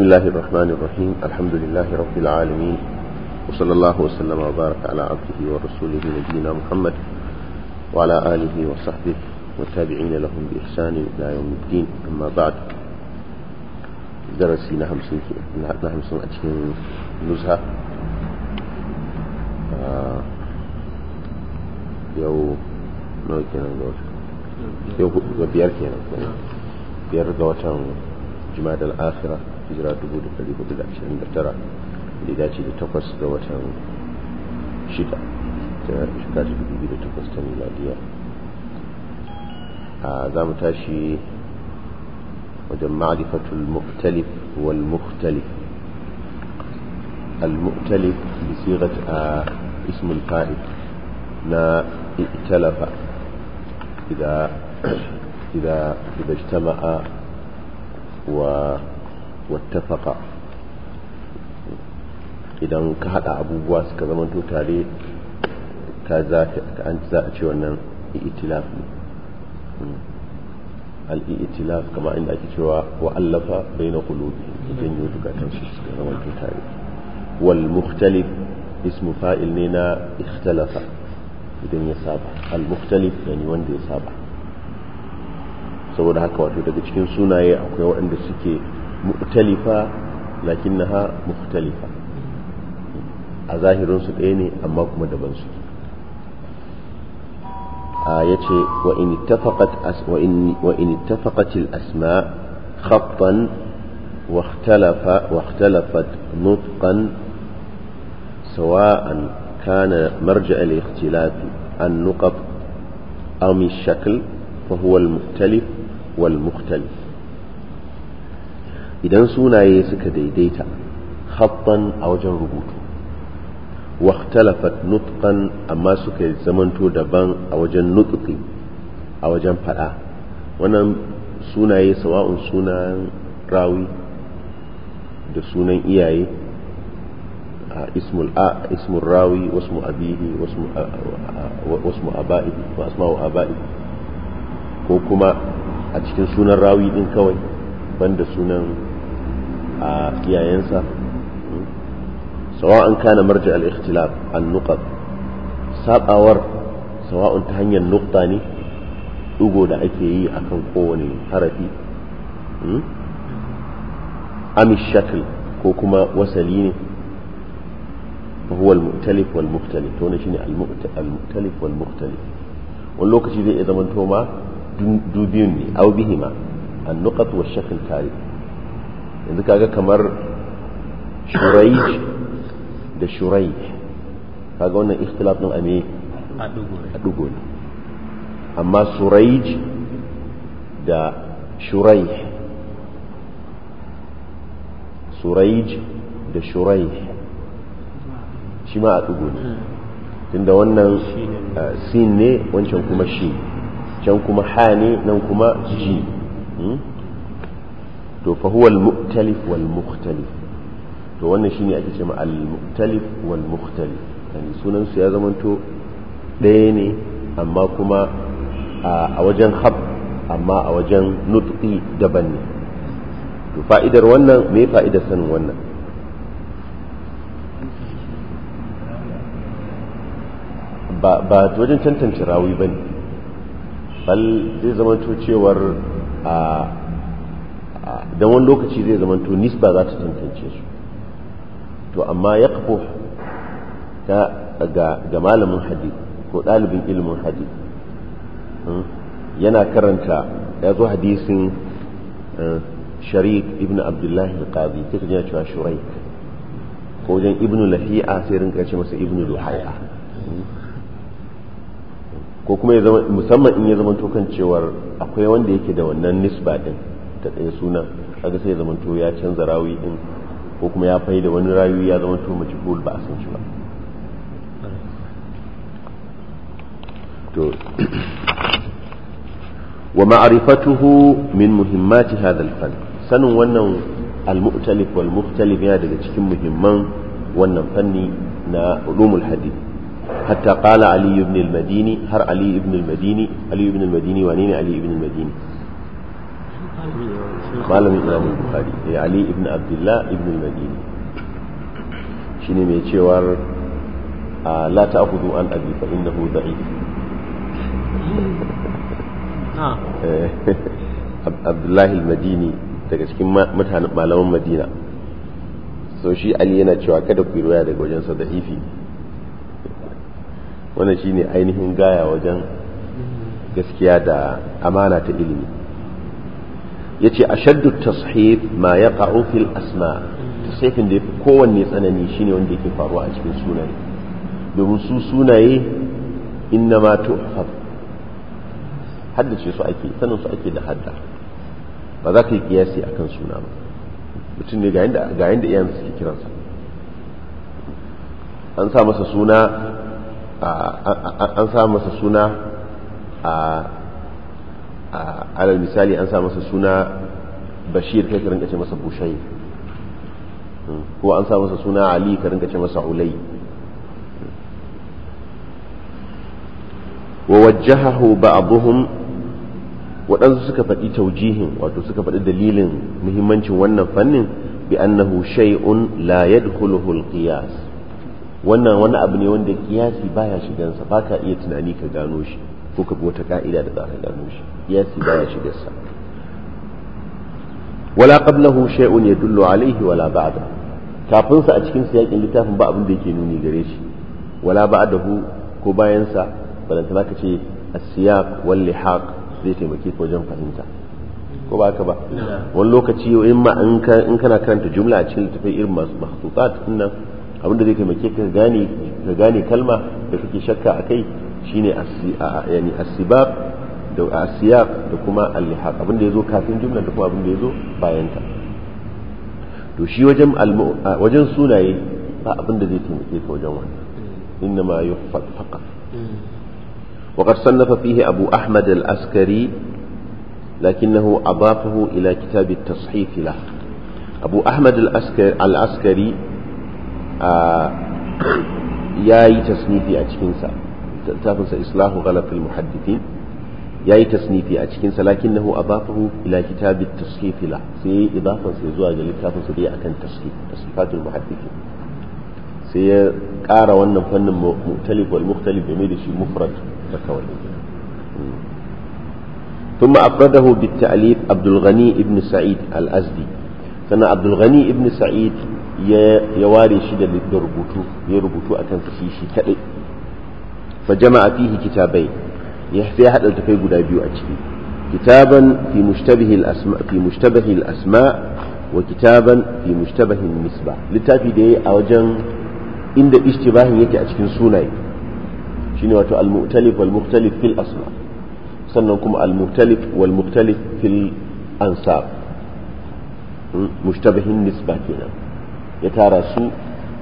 بسم الله الرحمن الرحيم الحمد لله رب العالمين وصلى الله وسلم وبارك على عبده ورسوله نبينا محمد وعلى آله وصحبه والتابعين لهم بإحسان إلى يوم الدين أما بعد درسي نهم نهم سنتين نزهة آه، يو نوي كنا نقول نعم. يو بيار كنا نعم. بيار جماد الآخرة hijira dubu da dace da takwas ga watan shida ta shekara ta takwas ta miladiya a za mu tashi wajen ma'arifatul muktalif wal muktalif المؤتلف بصيغة اسم الفائد لا ائتلف إذا إذا إذا اجتمع و wattafaka idan ka hada abubuwa suka zama to tare ka za an za a ce wannan i'tilaf ne al-i'tilaf kama inda ake cewa wa allafa na qulubi idan yau dukatan su suka zama to tare wal mukhtalif ismu fa'il ne na ikhtalafa idan ya saba al mukhtalif yani wanda ya saba saboda haka wato daga cikin sunaye akwai waɗanda suke مؤتلفة لكنها مختلفة أظاهر إيني أما كما دبن آية وإن اتفقت أس وإن وإن اتفقت الأسماء خطا واختلف واختلفت نطقا سواء كان مرجع الاختلاف النقط أم الشكل فهو المختلف والمختلف idan sunaye suka daidaita haffan a wajen rubutu واختلفت nutqan amma suka zamanto daban a wajen nutqi a wajen fada wannan sunaye sawa'un sunan rawi da sunan iyaye a ismul a ismul rawi wasmu abihi wasmu wasmu aba'i wa ko kuma a cikin sunan rawi din kawai banda sunan a iyayensa sawa'an kana marja al-ikhtilaf an nuqat sabawar sawa'un ta hanyar nukta ne dugo da ake yi akan kowane harafi amish shakl ko kuma wasali ne huwa al-mu'talif wal-mukhtalif to ne shine al-mu'talif wal-mukhtalif wani lokaci zai iya zama to ma dubiyun ne au bihima an-nuqat wa shakl tarikh yanzu kaga kamar shurai da shurai kaga wannan istilaf din a a dugo ne amma suraij da shurai suraij da shurai shi ma a dugo ne hmm. tunda wannan sin ne wancan kuma shi can kuma ha ne nan kuma ji hmm? to fa huwa al-mu'talif wal mukhtalif to wannan shine ake cewa al-mu'talif wal mukhtalif yani sunan su ya zamanto ɗaya ne amma kuma a wajen hab amma a wajen nutqi daban ne to fa'idar wannan me fa'idar sanin wannan ba ba wajen tantance rawi bane bal zai zamanto cewar a da wani lokaci zai zama to nisba za ta tantance su to amma ya ta ga malamin hadi ko ɗalibin ilimin hadi hmm, yana karanta ya zo hadisin eh, sharik ibn abdullahi al-qadi take jina cewa shuraik ko wajen ibn lafi'a sai rinka ce masa ibn luhaya hmm. ko kuma musamman in ya zama kan cewar akwai wanda yake da wannan nisba din da ɗaya sunan aka sai zaman to ya canza rawi din ko kuma ya fai da wani rawi ya zama to ba a san shi ba to wa ma'rifatuhu min muhimmati hadha al-fan sanin wannan al-mu'talif wal mukhtalif yana daga cikin muhimman wannan fanni na ulumul hadith حتى قال علي بن المديني هر علي بن المديني Madini wa ne ونين علي بن Madini. malamin imam bukhari ya eh, ali ibn abdullah ibn al-madini shine mai cewar ah, la ta'khudhu an abi fa innahu da'if eh, abdullah al-madini daga cikin mutanen malaman madina so shi ali yana cewa kada ku yi roya daga wajen sa da'ifi wannan shine ainihin gaya wajen gaskiya da amana ta ilimi yace ashaddu tashif ma yaqa'u fil asma tasifin da kowanne tsanani shine wanda yake faruwa a cikin sunaye domin su sunaye inna ma tuhfaz haddace su ake sanin su ake da hadda ba za ka yi kiyasi akan suna ba mutum ne ga yanda ga suke kiransa an sa masa suna an sa masa suna a alal misali an sa masa suna bashir kai ka ce masa bushai hmm. ko an sa masa suna ali ka ce masa ulai hmm. wa wajjahahu ba'dhum waɗansu suka faɗi taujihin wato suka faɗi dalilin muhimmancin wannan fannin bi annahu shay'un la yadkhuluhu al-qiyas wannan wani abu ne wanda kiyasi baya shigansa baka iya tunani ka gano shi ko ka bi wata ka'ida da za ka gano shi ci baya shigar sa wala qablahu shay'un yadullu alayhi wala ba'da kafin sa a cikin yakin littafin ba abin da yake nuni gare shi wala ba'dahu ko bayan sa ta ka ce as-siyaq wal lihaq zai taimake ka wajen fahimta ko ba haka ba wani lokaci in ma in kana karanta jumla a cikin littafai irin masu mahsutat din nan abin da zai taimake ka gane ka gane kalma da kake shakka a kai. shine yani asibab da asiyaq da kuma al-lihaq abin da yazo kafin jumla da kuma abin da yazo bayan ta to shi wajen wajen sunaye ba abin da zai taimake ka wajen wannan mm. inna ma yuhfad faqat وقد صنف فيه أبو أحمد الأسكري لكنه أضافه إلى كتاب التصحيف له أبو أحمد الأسكري, الأسكري آه ياي تصنيفي أتكنسا littafinsa islahu ghalaf al-muhaddithin yayi tasnifi a cikin sa lakinnahu adafahu ila kitab at-tasnif la sai idafan sai zuwa ga littafin sa dai akan tasnif tasnifatul muhaddithin sai ya ƙara wannan fannin mu'talif wal mukhtalif game da shi mufrad da kawai ثم أفرده بالتأليف عبد الغني ابن سعيد الأزدي سنة عبد الغني ابن سعيد يواري شدة للربوتو يربوتو أكن في شيء fa jama'a fihi kitabai ya sai hada tafai guda biyu a ciki kitaban fi mushtabihi al-asma fi mushtabihi al-asma wa kitaban fi da yayi a wajen inda ishtibahin yake a cikin sunaye shine wato al-mu'talif wal fil asma sannan kuma al-mu'talif fil hmm, kenan ya tara su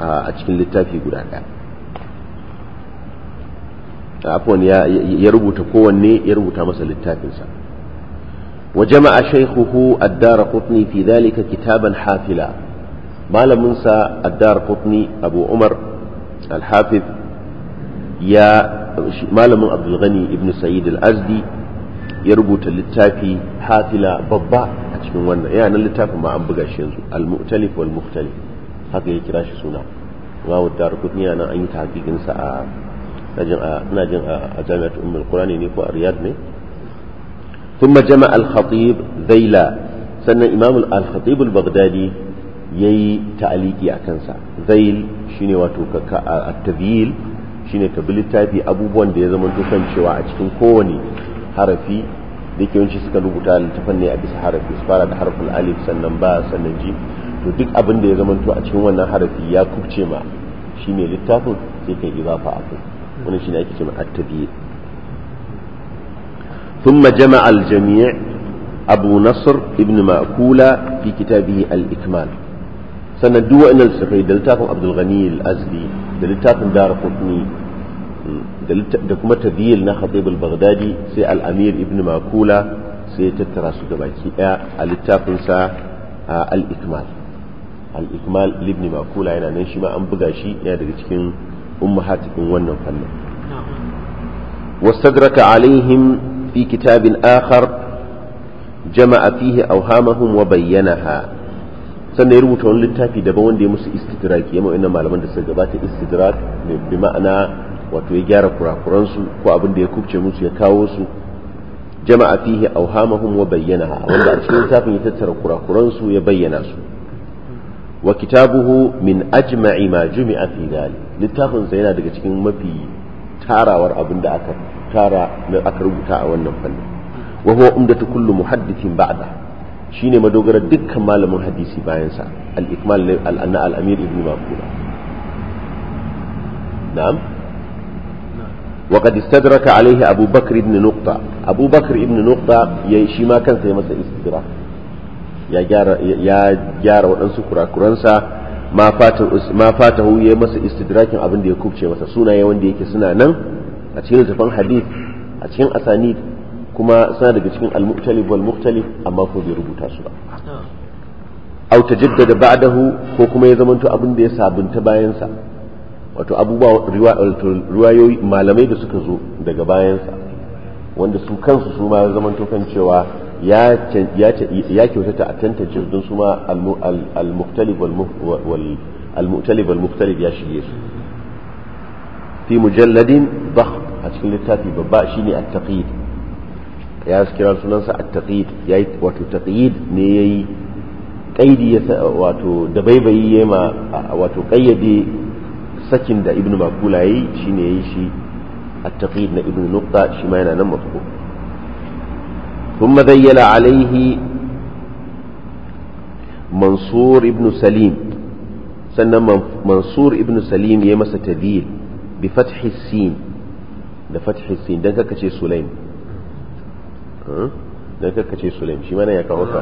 a cikin littafi guda afwan ya rubuta kowanne ya rubuta masa littafinsa wa jama'a shaykhuhu ad-darqutni fi dhalika kitaban hafila malamin sa ad abu umar al-hafiz malamin abdul ghani ibn sa'id al-azdi ya rubuta littafi hafila babba a cikin wannan yana nan ma an buga shi yanzu al-mu'talif wal mukhtalif haka ya kira shi suna wawu darqutni yana an yi tahqiqin sa a ina jin a jami'at ummul qurani ne ko a riyad ne thumma jama'a al-khatib zaila sannan imam al-khatib al-baghdadi yayi ta'aliki a kansa zail shine wato at-tabyil shine ka bi littafi abubuwan da ya zama kan cewa a cikin kowane harafi da ke yawanci suka rubuta littafan ne a bisa harafi su fara da harafin alif sannan ba sannan ji to duk abin da ya zama a cikin wannan harafi ya kubce ma shine littafin sai ka izafa a kai wani shi ne ake cewa at-tabi'i thumma jama'a al-jami' Abu Nasr ibn Ma'kula fi kitabihi mm, kuma tabiyyil na Khatib al-Baghdadi sai al-Amir Ma'kula sai tattara su a ikmal makula yana nan an buga shi daga cikin ummahat wannan fannin wastadraka alaihim fi kitabin akhar jama'a fihi awhamahum wa bayyanaha sannan ya rubuta wani littafi daban wanda ya musu istidraki yamma wannan malaman da suka gabata istidrak bi ma'ana wato ya gyara kurakuransu ko abin da ya kubce musu ya kawo su jama'a fihi awhamahum wa bayyanaha wanda a cikin littafin ya tattara kurakuransu ya bayyana su wa kitabuhu min ajma'i ma jumi'a fi dhalik littafin sa daga cikin mafi tarawar abin aka tara aka rubuta a wannan fannin wa huwa umdatu kullu muhaddithin ba'da shine madogarar dukkan malamin hadisi bayan sa al-ikmal al-anna al-amir ibn maqula na'am وقد استدرك عليه أبو بكر بن نقطة أبو بكر بن نقطة يشيما كان سيمس استدراك ya gyara waɗansu kurakuransa ma fata ma fata hu ya masa istidrakin abin da ya kubce masa sunaye wanda yake suna nan a cikin zafan hadith a cikin asanid kuma suna daga cikin al muqtalib wal muqtalib amma ko bai rubuta su ba au tajaddada ba'dahu ko kuma ya zamanto abin da ya sabunta bayan sa wato abubuwa riwayoyi malamai da suka zo daga bayansa wanda su kansu su ma ya zamanto kan cewa ya kyautata a tantance don su ma al-muktalib wal-muktalib ya shige su fi mujalladin bah a cikin littafi babba shine at-taqyid ya kira sunansa at-taqyid yayi wato taqyid ne yayi kaidi ya wato da baibayi yema wato kayyade sakin da ibnu makula yayi shine yayi shi at-taqyid na ibnu nuqta shi ma yana nan mafhum ثم ذيل عليه منصور ابن سليم سنة منصور ابن سليم يمس تذيل بفتح السين بفتح السين دنكا كتشي سليم دنكا كتشي سليم شي مانا يكاوكا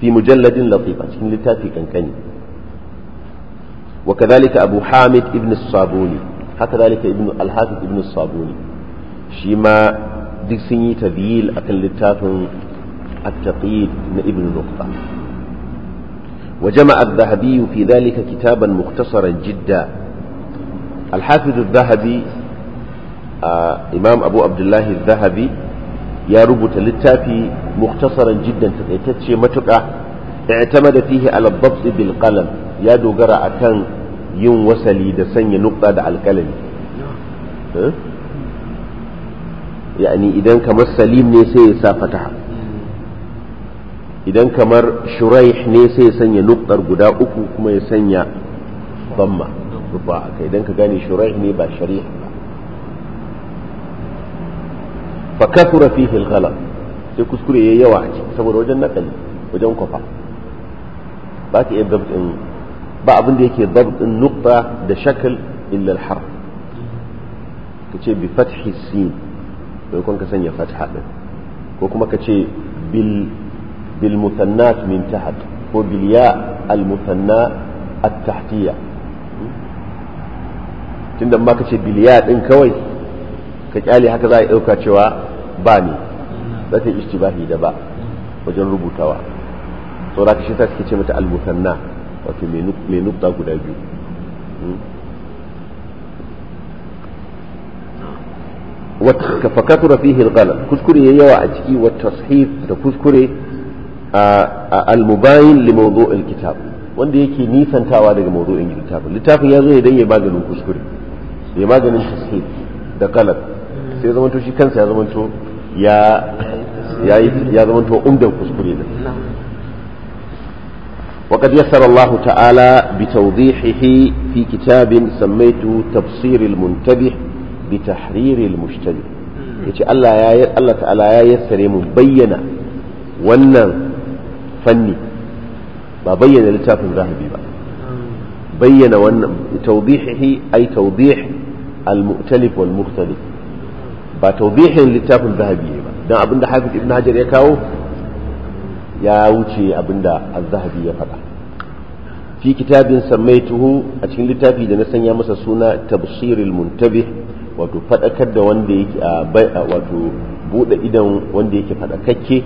في مجلد لطيفة شكين لتافي كان كني وكذلك أبو حامد ابن الصابوني هكذلك ابن الحافظ ابن الصابوني shi ma duk sun yi tabiyil akan littafin at-taqid na ibn nuqba وجمع الذهبي في ذلك كتابا مختصرا جدا الحافظ الذهبي آه إمام أبو عبد الله الذهبي يا ربط للتافي مختصرا جدا تتشي متقع اعتمد فيه على الضبط بالقلم يا دوغرا أكان يوم وسلي دسن نقطة على القلم yani idan kamar salim ne sai ya sa fataha idan kamar shuraih ne sai ya sanya nuktar guda uku kuma ya sanya bamma rufa kai idan ka gane shuraih ne ba shari'a ba fa kathura fihi al sai kuskure yayi yawa saboda wajen nakali wajen kwafa ba ka iya dabtin ba abin da yake dabtin nukta da shakal illa al-harf kace bi fathi sin domin ka sanya fatha din ko kuma ka ce bil bil mutannat min tahat ko bil ya al mutanna at tahtiya tunda ma ka ce bil ya din kawai ka kyale haka za a dauka cewa ba ne za ta yi da ba wajen rubutawa saboda ka shi ta ce mata al mutanna wato mai nukta guda biyu hmm? fa kathura fihi al-ghalat kuskure yayi yawa a ciki wa tashif da kuskure li mawdu' al-kitab wanda yake nisantawa daga mawdu'in littafi littafin ya zo ya danye maganin kuskure ya maganin tashif da kala sai zamanto shi kansa ya zamanto ya ya zamanto umdan kuskure ne ta'ala يسر الله fi kitabin في tafsiril سميته تبصير bi tahriril yace Allah ya Allah ta'ala ya yassare mu bayyana wannan fanni ba bayyana littafin zahabi ba bayyana wannan tawdihihi ay tawdih al-mu'talif wal ba tawdihin littafin zahabi ba dan abinda Hafiz Ibn Hajar ya kawo ya wuce abinda az-zahabi ya faɗa fi kitabin sammaituhu a cikin littafi da na sanya masa suna tabsirul muntabih wato fadakar da wanda yake a wato bude idan wanda yake fadakakke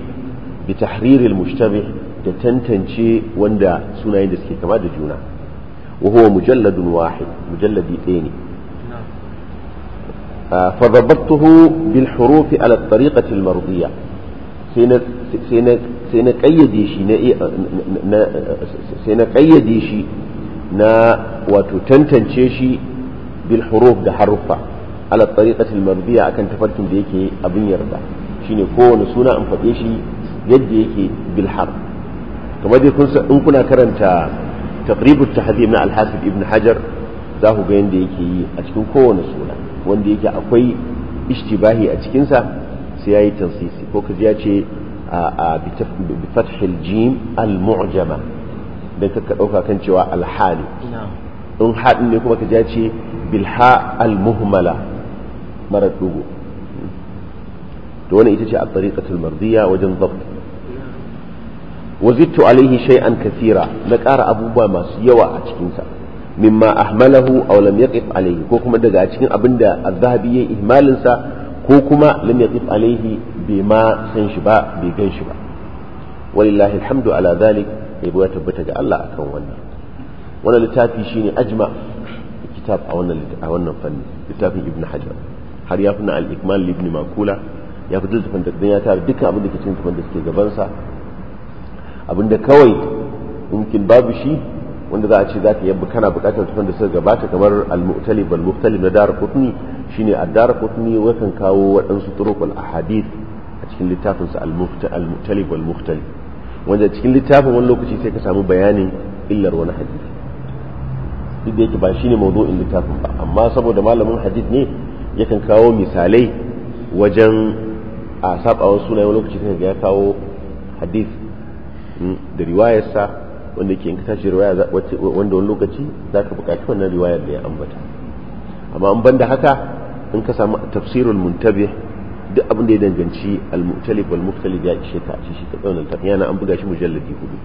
bi tahriril mushtabih da tantance wanda sunayen da suke kama da juna wa huwa mujalladun wahid mujalladi ɗaya ne bil ala فضبطته بالحروف على الطريقة المرضية سينا na شي نا وتتنتن bil huruf da حرفة ala tariqatil mardiya akan tafarkin da yake abin yarda shine kowane suna an faɗe shi yadda yake bil har kamar dai kun in kuna karanta taqribut tahdhib na al-hasib ibn hajar za ku ga yadda yake yi a cikin kowane suna wanda yake akwai ishtibahi a cikin sa sai yayi tansisi ko kaji ya ce a bi fathil jim al-mu'jama dan ka dauka kan cewa al-hali in haɗin ne kuma kaji ya ce bilha al-muhmala mara to ita ce a tariqatul mardiya wajen zabt wazittu alaihi shay'an kathira na ƙara abubuwa masu yawa a cikinsa mimma ahmalahu aw lam yaqif alaihi ko kuma daga cikin abinda az-zahabi yayi ihmalin sa ko kuma lam yaqif alaihi bai ma san shi ba bai gan shi ba walillahi alhamdu ala zalik yabo ya tabbata ga Allah akan wannan wannan littafi shine ajma kitab a wannan a wannan fanni littafin ibn hajar har ya fi na al-ikmal ibn makula ya fi zuzufin da ya tara dukkan abin da ke cikin zufin da suke gabansa abinda kawai mumkin babu shi wanda za a ce zaka yabba kana bukatar zufin da suka gabata kamar al-mu'talib al-mu'talib na dar qutni shine ad-dar wakan kawo waɗansu turuqul ahadith a cikin littafinsa al-mu'talib wal-mu'talib wanda cikin littafin wani lokaci sai ka samu bayanin illar wani hadisi duk da yake ba shine mawdu'in littafin ba amma saboda malamin hadith ne yakan kawo misalai wajen a sabawan suna wani lokaci kan ga ya kawo hadith hmm, da riwayarsa wanda ke inka ka tashi riwaya wanda wani lokaci za ka buƙaci wannan riwayar da ya ambata amma an banda haka in ka samu tafsirul muntabih duk abin da ya danganci al-mu'talib wal ya ishe ta shi shi kadai ta yana an buga shi mujalladi hudu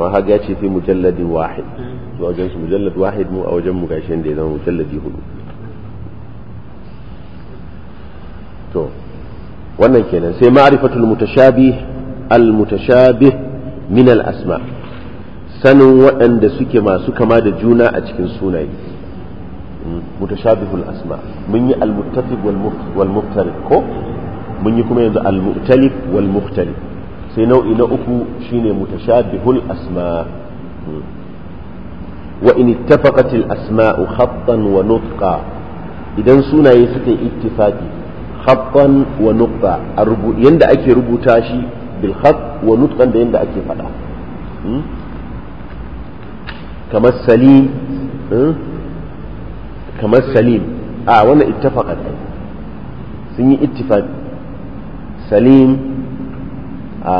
amma haka ya ce fi mujalladin wahid zuwa wajen su mujallad wahid mu a wajen mu gashi da ya zama mujalladi hudu to wannan kenan sai ma'rifatul mutashabih al mutashabih min al asma sanin waɗanda suke masu kama da juna a cikin sunaye hmm, mutashabihul asma mun yi al muttafiq wal muftariq ko mun yi kuma yanzu al mu'talif wal mukhtalif sai nau'i na uku shine mutashabihul asma hmm. wa in ittafaqat al asma'u khattan wa nutqa idan sunaye suke yi ittifaqi khattan wa nuqta a yanda ake rubuta shi bil khat wa nutqan da yanda ake faɗa hmm? kamar salim hmm? kamar salim a wannan ittafaqat sun yi ittifaq salim a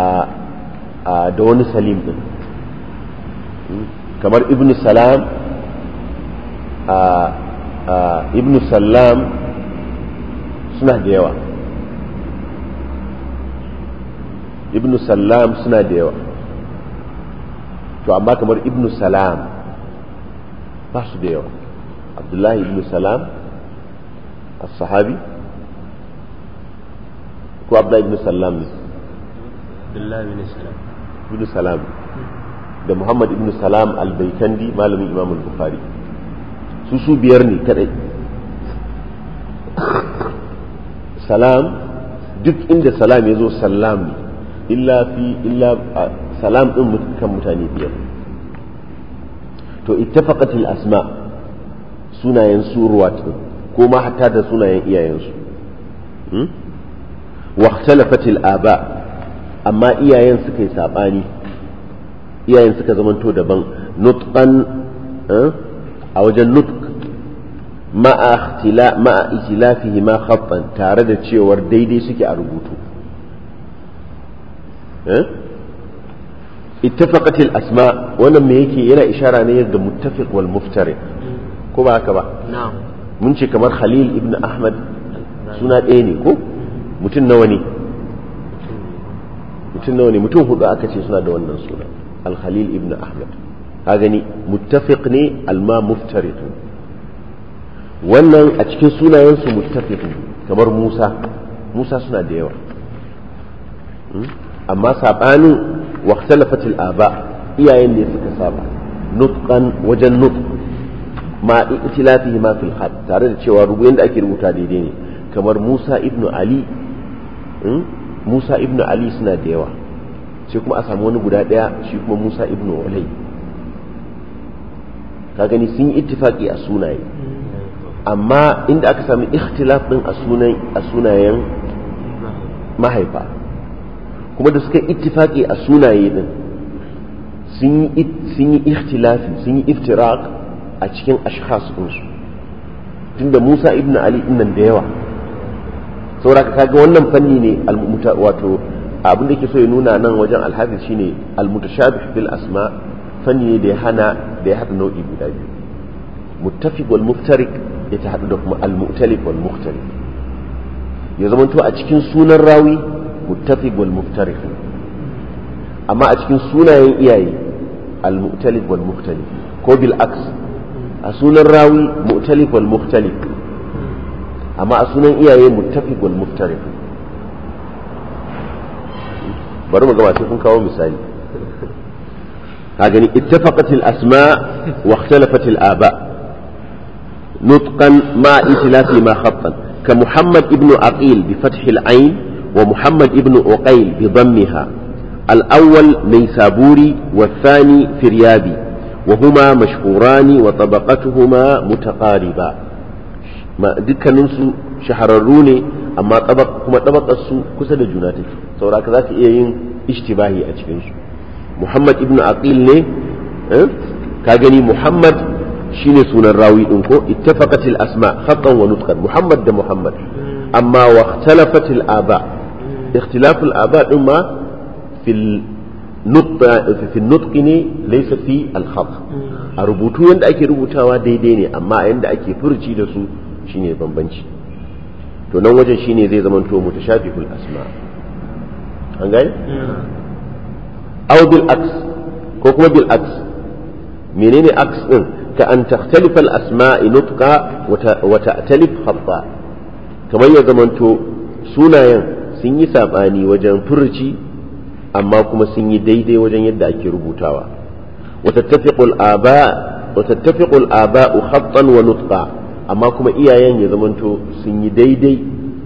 da wani salim din hmm? kamar ibnu salam a ibnu salam suna da yawa ibnu salam suna da yawa to amma kamar ibnu salam ba su da yawa abdullahi ibnu salam as-sahabi ko abdullahi ibnu salam ne abdullahi ibnu salam ibnu salam da muhammad ibnu salam al-baikandi malamin imam al-bukhari su su biyar ne kadai salam duk inda salam ya zo salam illa fi illa salam din kan mutane biyar to ittafaqat al asma sunayen suruwat din ko ma hatta da sunayen iyayensu hmm? wa ikhtalafat al aba amma iyayen suka yi sabani iyayen suka zamanto daban nutqan eh, a wajen nutq ma'a ikilafihi ma khaffan tare da cewar daidai suke a rubutu eh? ittafaqatil asma wannan me yake yana ishara ne da muttafiq wal muftari ko ba haka ba mun ce kamar khalil ibn ahmad suna ɗaya ne ko mutum nawa ne mutum nawa ne mutum hudu aka ce suna da wannan suna al khalil ibn ahmad ka gani muttafiq ne al ma muftariq wannan a cikin sunayensu muttafiqu kamar Musa Musa suna da yawa hmm? amma sabanin waqtalafat al-aba iyayen ne suka saba nutqan wajen nut ma itilafihi ma fil khat tare da cewa rubuyin da ake rubuta daidai ne kamar Musa ibnu Ali hmm? Musa ibnu Ali suna da yawa sai kuma a samu wani guda daya shi kuma Musa ibnu Ulay ka gani sun yi ittifaqi a sunaye amma inda aka sami ikhtilaf din a sunayen mahaifa kuma da suka ittifaki a sunaye din sun yi ikhtilafi sun yi iftiraq a cikin ashkhas ɗinsu tunda musa ibn ali din nan da yawa saboda kaga wannan fanni ne wato abin da ke so ya nuna nan wajen alhafiz shine almutashabih bil asma fanni ne da ya hana da ya hada nau'i guda biyu muttafiq wal muftarik ita haɗu da kuma al-mu'talif wal mukhtalif ya zama a cikin sunan rawi muttafiq wal muftarif amma a cikin sunayen iyaye al-mu'talif wal mukhtalif ko bil aks a sunan rawi mu'talif wal mukhtalif amma a sunan iyaye muttafiq wal muftarif bari mu gama sai kun kawo misali a gani ittafaqatil asma wa ikhtalafat aba نطقا مع إسلاف ما خطا كمحمد ابن عقيل بفتح العين ومحمد ابن عقيل بضمها الأول نيسابوري والثاني فريابي وهما مشهوران وطبقتهما متقاربة ما ذكر ننسو shahararru amma kuma su kusa da juna take sauraka za ka iya yin ishtibahi a cikinsu muhammad ibn aqil ne ka gani muhammad shine sunan rawi din ko ittafaqatil asma haqqan wa nutqan muhammad da muhammad amma wa ikhtalafatil aba ikhtilaful aba din ma fil nutq fi nutq ne laysa fi al khat hmm. a rubutu yanda ake rubutawa daidai ne amma yanda ake furci da su shine bambanci to nan wajen shine zai zama zamanto mutashabihul asma an gane hmm. aw bil aks ko kuma bil aks menene aks din كأن تختلف الأسماء نطقا وتأتلف خطا كما يزمنتو سنايا سني ساباني وجن فرجي أما كما سني ديدي وجن يدعي ربوتاوا وتتفق الآباء وتتفق الآباء خطا ونطقا أما كما إيايا يزمنتو سني ديدي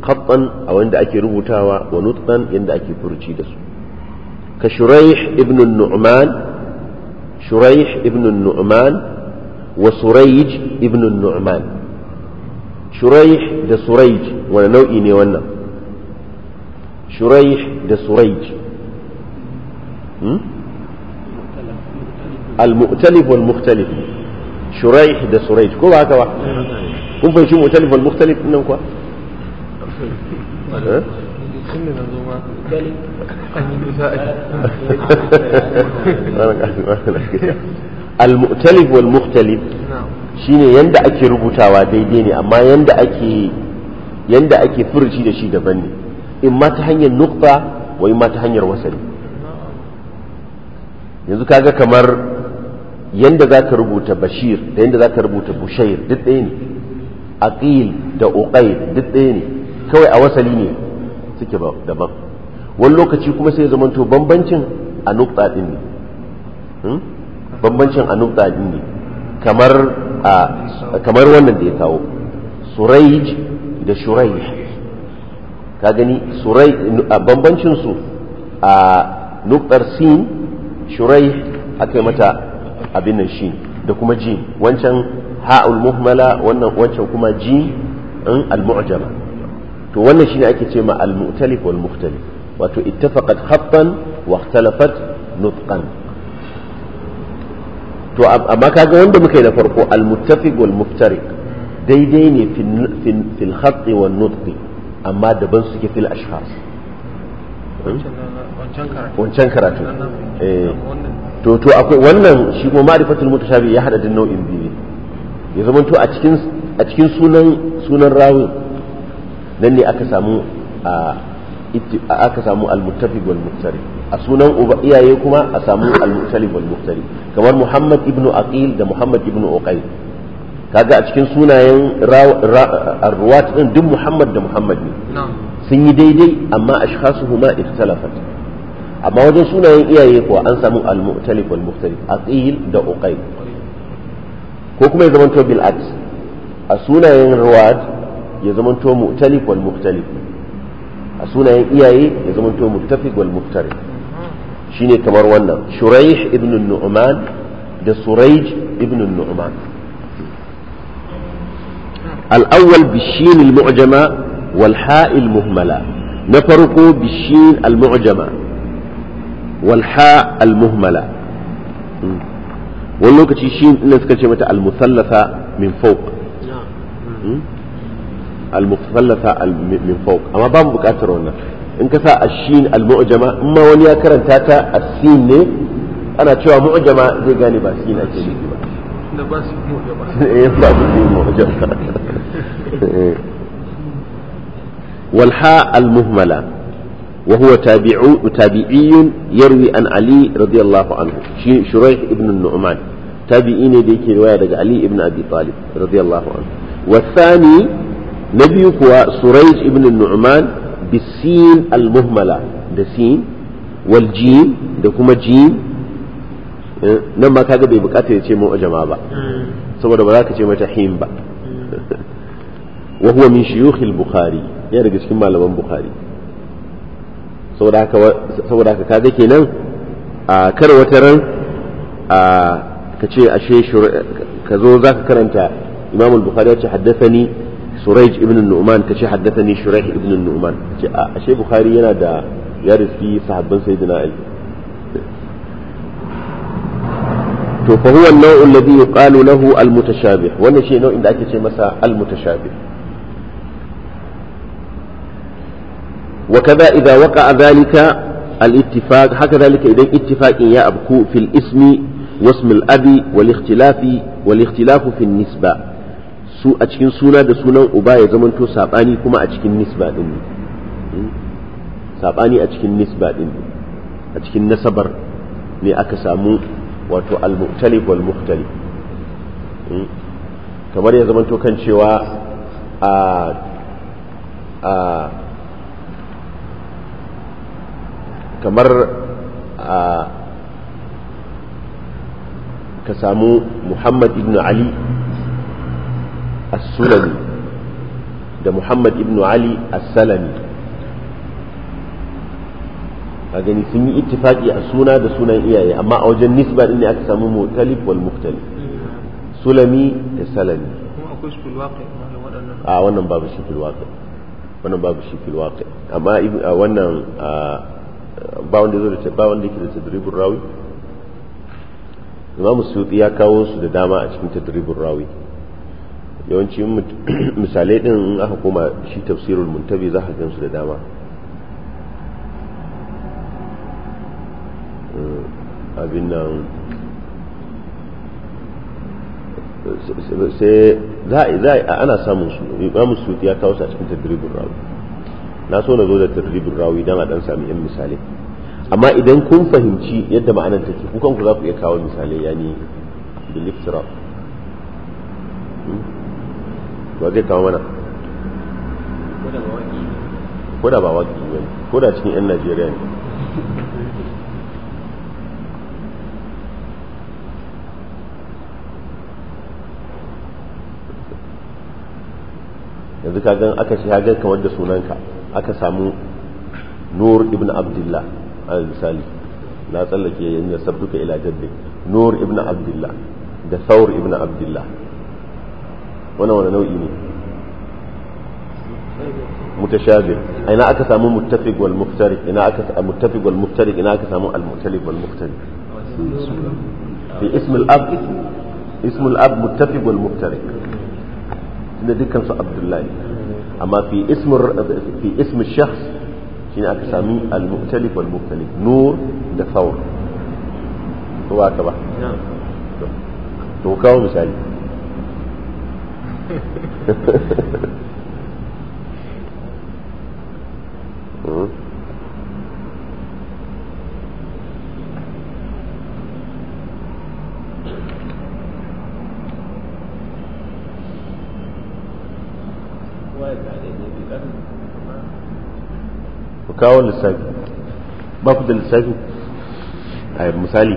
خطا أو عند أكي ربوتاوا ونطقا عند أكي فرجي دسو كشريح ابن النعمان شريح ابن النعمان وسريج ابن النعمان شريح ده سريج ولا نوئي نيوانا شريح ده سريج المؤتلف والمختلف شريح ده سريج كل هكا واحد kun fahimci mutalif wal mukhtalif nan kuwa al-mu'talif wal mukhtalif shine yanda ake rubutawa daidai ne amma yanda ake yanda ake furuci da shi daban ne in ma ta hanyar nukta wa ma ta hanyar wasali yanzu kaga kamar yanda zaka rubuta bashir da yanda zaka rubuta bushair duk ɗaya ne aqil da uqay duk ɗaya ne kawai a wasali ne suke daban wani lokaci kuma sai ya zamanto bambancin a nukta ɗin ne hmm? bambancin anubda din ne kamar kamar wannan da ya kawo suraij da shuraih ka gani surai bambancin su a nukdar sin shuraih akai mata abin nan shi da kuma ji wancan ha'ul muhmala wannan wancan kuma ji in al-mu'jama to wannan shine ake ce ma al-mu'talif wal mukhtalif wato ittafaqat khattan wa ikhtalafat nutqan to amma kaga wanda muka yi na farko al-muttafiq wal muftariq daidai ne fil khatti wal nutqi amma daban suke fil ashkhas wancan karatu eh. to to akwai wannan shi kuma ma'rifatul mutashabi ya hada da nau'in biyu ya zama to a cikin a cikin sunan sunan rawi nan ne aka samu a aka samu al-muttafiq wal muftariq a sunan uba iyaye kuma a samu al-mu'talib wal muhtari kamar Muhammad ibn Aqil da Muhammad ibn Uqayl kaga a cikin sunayen ruwat din duk Muhammad da Muhammad ne sun yi daidai amma ashkhasuhuma ikhtalafat amma wajen sunayen iyaye kuwa an samu al-mu'talib wal muhtari Aqil da Uqayl ko kuma ya to bil aks a sunayen ruwat ya to mu'talib wal muhtalif a sunayen iyaye ya to muttafiq wal muhtarif شيني كمر ونا شريح ابن النعمان ده سريج ابن النعمان الأول بالشين المعجمة والحاء المهملة نفرق بالشين المعجمة والحاء المهملة ولوك تشين الناس كتشي متى المثلثة من فوق نعم. المثلثة من فوق أما بام بكاترونا in ka sa ashin al-mu'jama in ma wani ya karanta ta asin ne ana cewa mu'jama zai gane ba sin ake ba da ba su mu'jama eh ba su mu'jama eh. wal ha al-muhmala wa huwa tabi'u tabi'iyyun yarwi an ali radiyallahu anhu shi shuraih ibn nu'man tabi'i ne da yake riwaya daga ali ibn abi talib radiyallahu anhu والثاني نبي هو سريج ابن النعمان bisin al-muhmala da sin wal da kuma jim nan ma kaga bai bukata ya ce mu'jama ba saboda ba za ka ce mata him ba wa huwa min shuyukh bukhari ya daga cikin malaman bukhari saboda haka saboda haka kaga kenan a kar wata ran a ka ce ashe ka zo za ka karanta imam al ya ce haddathani سريج ابن النعمان كشي حدثني شريح ابن النعمان شي آه، بخاري ينا دا يارس في صحابة سيدنا علي فهو النوع الذي يقال له المتشابه وانا شيء نوع عندك شيء مثلا المتشابه وكذا إذا وقع ذلك الاتفاق ذلك إذا اتفاق يا أبكو في الاسم واسم الأبي والاختلاف والاختلاف في النسبة su a cikin suna da sunan uba ya zamanto saɓani kuma a cikin nisba ɗin ne hmm? saɓani a cikin nisba ɗin ne a cikin nasabar ne aka samu wato al-mu'talif wal mukhtalif hmm? kamar ya zamanto kan cewa a a kamar a ka samu muhammad ibn ali as-sulami da muhammad ibn ali as-salami a gani sun yi ittifaki a suna da sunan iyaye amma a wajen nisba din ne aka samu wal da a wannan babu shi fil waqi wannan babu amma wannan ba wanda zo da ba wanda yake da tadribur rawi imamu suyuti ya kawo su da dama a cikin tadribur rawi yawanci misalai din in aka koma shi tafsirul muntabi za a gan su da dama eh, abin nan sai za a ana samun su imamu su ya kawo su a cikin tadribin rawi na so na zo da tadribin rawi don a dan sami yan misalai amma idan kun fahimci yadda ma'anar take ku kanku za ku iya kawo misalai yani bil ba zai kawo mana ko da ba waki ba ne ko da cikin 'yan najeriya ne yanzu ka gan aka shi hagan kamar da sunanka aka samu nur ibn abdullah a misali na tsallake yanzu sabtuka ila jaddi nur ibn abdullah da saur ibn abdullah wannan wani nau'i ne mutashabih ina aka samu muttafiq wal muftariq ina aka samu muttafiq wal muftariq ina aka samu al muttaliq wal muftariq fi ism al ab ism al ab muttafiq wal muftariq tunda dukkan abdullahi amma fi ism fi ism al shakhs shine aka sami al nur da ba misali kawo lissafi ba ku da lissafi a misali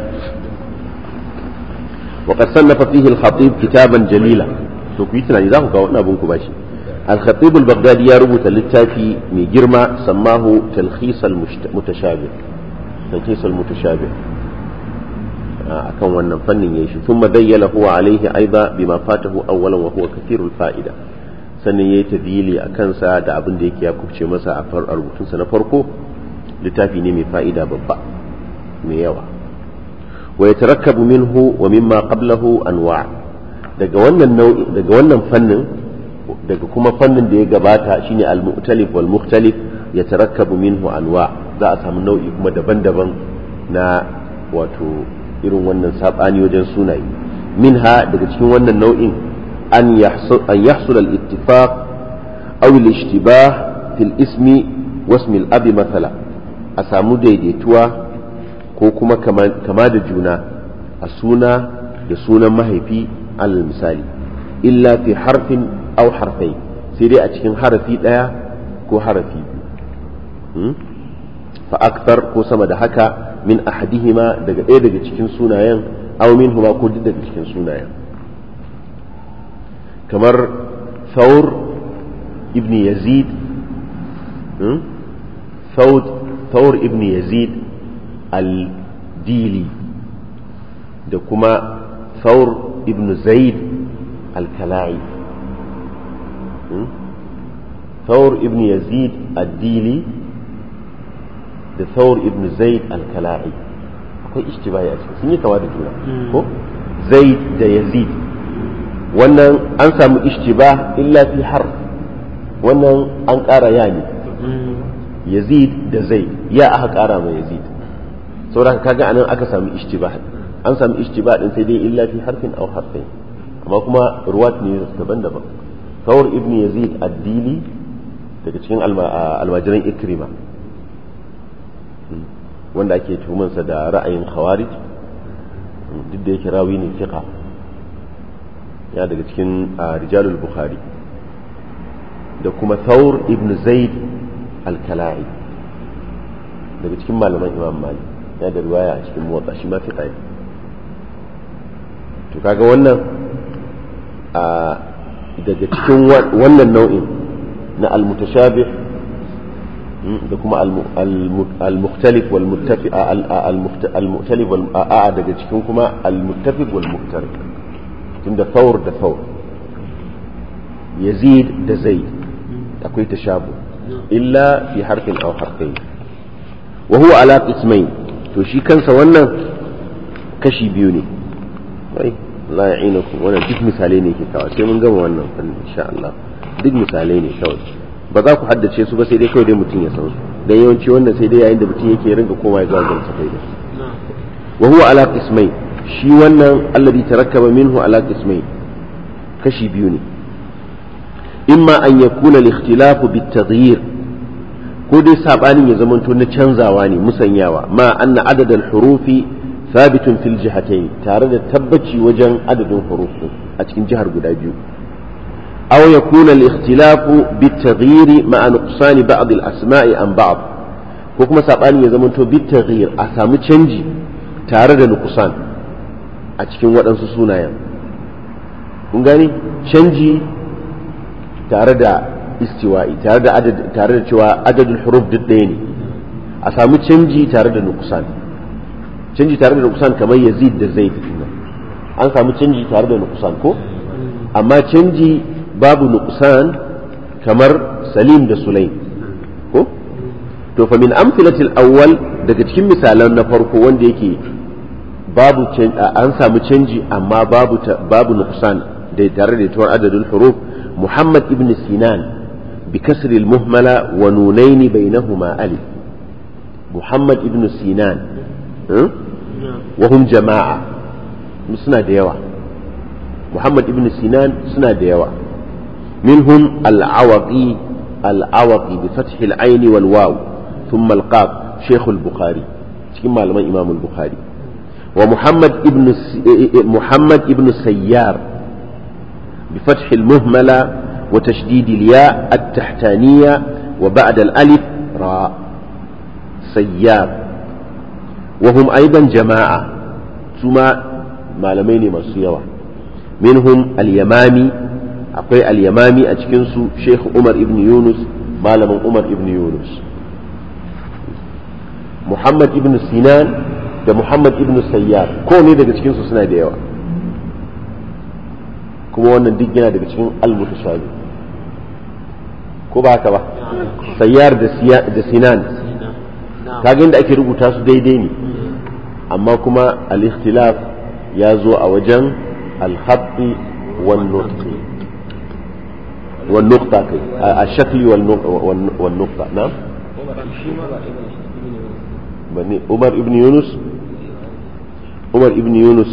وقد صنف فيه الخطيب كتابا جليلا to ku yi tunani za ku kawo abin ku bashi al-khatib al ya rubuta littafi mai girma sammahu talkhis al-mutashabih talkhis al-mutashabih akan wannan fannin yayi shi ma dayyala huwa alayhi aidan bima fatahu awwalan wa huwa kathirul fa'ida sannan yayi tadili a kansa da abin da yake ya kubce masa a far rubutunsa na farko littafi ne mai fa'ida babba mai yawa wa yatarakkabu minhu wa mimma qablahu anwa' daga wannan nau'i daga wannan fannin daga kuma fannin da ya gabata shine al-mu'talif wal mukhtalif yatarakkabu minhu anwa za a samu nau'i kuma daban-daban na wato irin wannan sabani wajen sunaye minha daga cikin wannan nau'in an yahsul an yahsul al-ittifaq aw al-ishtibah fil ismi ismi al-abi mathala a samu daidaituwa ko kuma kama da juna a suna da sunan mahaifi alal misali illa fi harfin au harfai sai dai a cikin harafi ɗaya ko harafi biyu hmm? fa akthar ko sama da haka min ahadihima daga ɗaya daga cikin sunayen au min huma ko duk daga cikin sunayen kamar thawr ibn yazid hmm? thawr ibn yazid al-dili da kuma thawr ibn zaid al-kala'i hmm? thawr ibn yazid ad da saur ibn zaid al-kala'i akwai ishtibai a cikin sun yi kama da juna hmm. ko zaid da yazid wannan an samu ishtiba illa fi har wannan an ƙara ya ne hmm. yazid da zaid ya aka ƙara ma yazid saboda kaga anan aka samu ishtibah an samu ishtiba din sai dai illa fi harfin aw harfain amma kuma ruwat ne daban-daban thawr ibn yazid addini dili daga cikin almajiran ikrima hmm. wanda ake tuhumansa da ra'ayin khawarij hmm, duk da yake rawi ne fiqa ya daga cikin rijalul bukhari da kuma thawr ibn zaid al-kala'i daga cikin malaman imam malik ya da riwaya a cikin motsa shi ma fiqa ne to kaga wannan a daga cikin wannan nau'in na almutashabih hmm, da kuma almuhtalif wal muttafiq almuhtalif wal a'a daga cikin kuma almuttafiq wal muhtalif tunda thawr da thawr yazid da zai akwai tashabu illa fi harfin aw harfain wa huwa ala qismain to shi kansa wannan kashi biyu ne kwarai la ya ina ku wannan duk misalai ne ke kawai sai mun gama wannan insha Allah duk misalai ne kawai ba za ku haddace su ba sai dai kawai dai mutum ya san su dan yawanci wannan sai dai yayin da mutum yake ringa koma zuwa ga tafai da wa huwa ala qismai shi wannan alladhi tarakkaba minhu ala qismai kashi biyu ne imma an yakuna al-ikhtilafu bit-taghyir ko dai sabanin ya zamanto na canzawa ne musanyawa ma anna adadal hurufi sabitun fil jihatayn tare da tabbaci wajen adadin huruf a cikin jihar guda biyu aw yakuna al ikhtilafu bit taghyiri ma'a nuqsan ba'd al asma'i an ba'd ko kuma sabani ya zamanto bit taghyir a samu canji tare da nuqsan a cikin waɗansu sunayen kun gani canji tare da istiwa'i tare da tare da cewa adadul huruf duk ɗaya ne a samu canji tare da nuqsan canji tare da nuqsan kamar yazid da zaid an samu canji tare da nuqsan ko amma canji babu nuqsan kamar salim da sulaim ko to fa min amfilatil awwal daga cikin misalan na farko wanda yake babu an samu canji amma babu babu nuqsan da tare da tuwar adadin huruf muhammad ibn sinan بكسر المهملة ونونين بينهما ألف محمد ابن سينان نعم. وهم جماعة سنة ديوة محمد ابن سنان سنة ديوة منهم العوقي العوقي بفتح العين والواو ثم القاب شيخ البخاري كما علم إمام البخاري ومحمد ابن إيه، إيه، محمد ابن سيار بفتح المهملة وتشديد الياء التحتانية وبعد الألف راء سيار wa hum aidan jama'a su ma malamai ne masu yawa minhum al-yamami akwai al a cikin su Sheikh Umar ibn Yunus malamin Umar ibn Yunus ibn Sinan da Muhammad ibn Sayyar ko ne daga cikin suna da yawa kuma wannan duk yana daga cikin al mutasabi ko ba haka ba Sayyar da Sinan kaga inda ake rubuta su daidai ne amma kuma al-ikhtilaf ya zo a wajen al-haqqi wal nutqi wal nuqta kai al-shakli wal nuqta na Umar ibn Yunus Umar ibn Yunus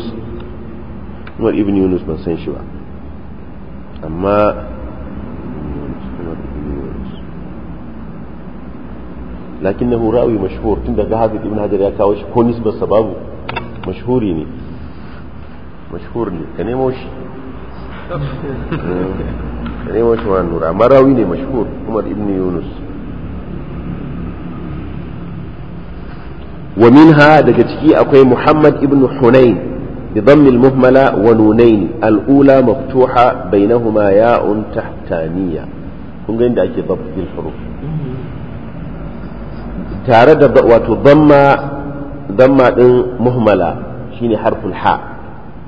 Umar ibn Yunus ban san shi ba amma lakinnahu ra'ayi mashhur tunda ga hafiz ibn hajar ya kawo shi ko nisbar sababu mashhuri ne mashhur ne ka nemo shi ka nemo shi ma nura amma rawi ne umar ibn yunus wa minha daga ciki akwai muhammad ibn hunain بضم المهملة ونونين الأولى مفتوحة بينهما ياء humaya kun ga inda ake zabbin huruf tare da wato damma damma din muhmala shine harful ha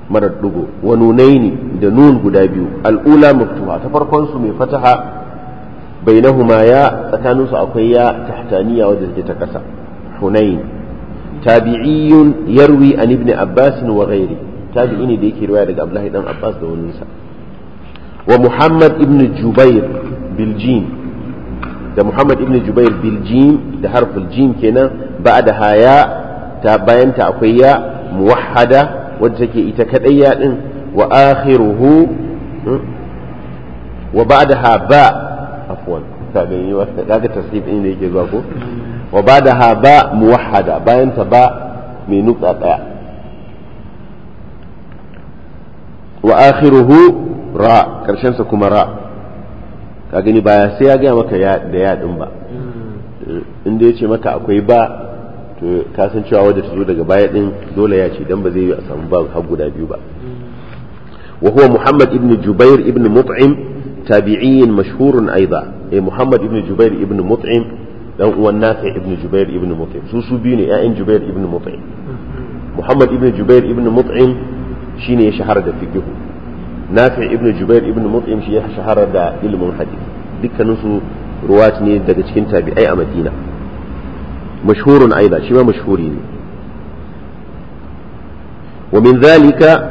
marar dugo wa nunaini da nun guda biyu al'ula muftuha ta farkon su mai fataha bainahuma ya tsakanin su akwai ya tahtaniya wajen take ta kasa hunain tabi'iyun yarwi an ibn abbas wa ghairi tabi'i ne da yake riwaya daga abdullahi dan abbas da wani sa wa muhammad ibn jubair biljin da muhammad ibn jubair bil jim da harful jim kenan ba da haya ta bayan ta akwai ya muwahhada wadda take ita kadai ya din wa akhiruhu hmm, wa ba'daha ba afwan ta ga yi wata daga tasrif din da yake zuwa ko wa ba'daha ba muwahhada bayan ta ba mai nutsa daya wa akhiruhu ra karshen sa kuma ra ka gani ba sai ya gaya maka da ya ba hmm. inda ya ce maka akwai ba to ka san cewa wadda ta zo daga baya din dole ya ce dan ba zai yi a samu ba har guda biyu ba hmm. wa huwa muhammad ibn jubair ibn mut'im tabi'in mashhurun aiba eh muhammad ibn jubair ibn mut'im dan uwan nafi ibn jubair ibn mut'im su su biyu ne ƴaƴan jubair ibn mut'im hmm. muhammad ibn jubair ibn mut'im shine ya shahara da fiqh نافع ابن جبير ابن مطعم شيخ شهر دا علم الحديث دكا نسو رواتني نيد دا تشكنتا بأي مدينه مشهور أيضا شما مشهورين ومن ذلك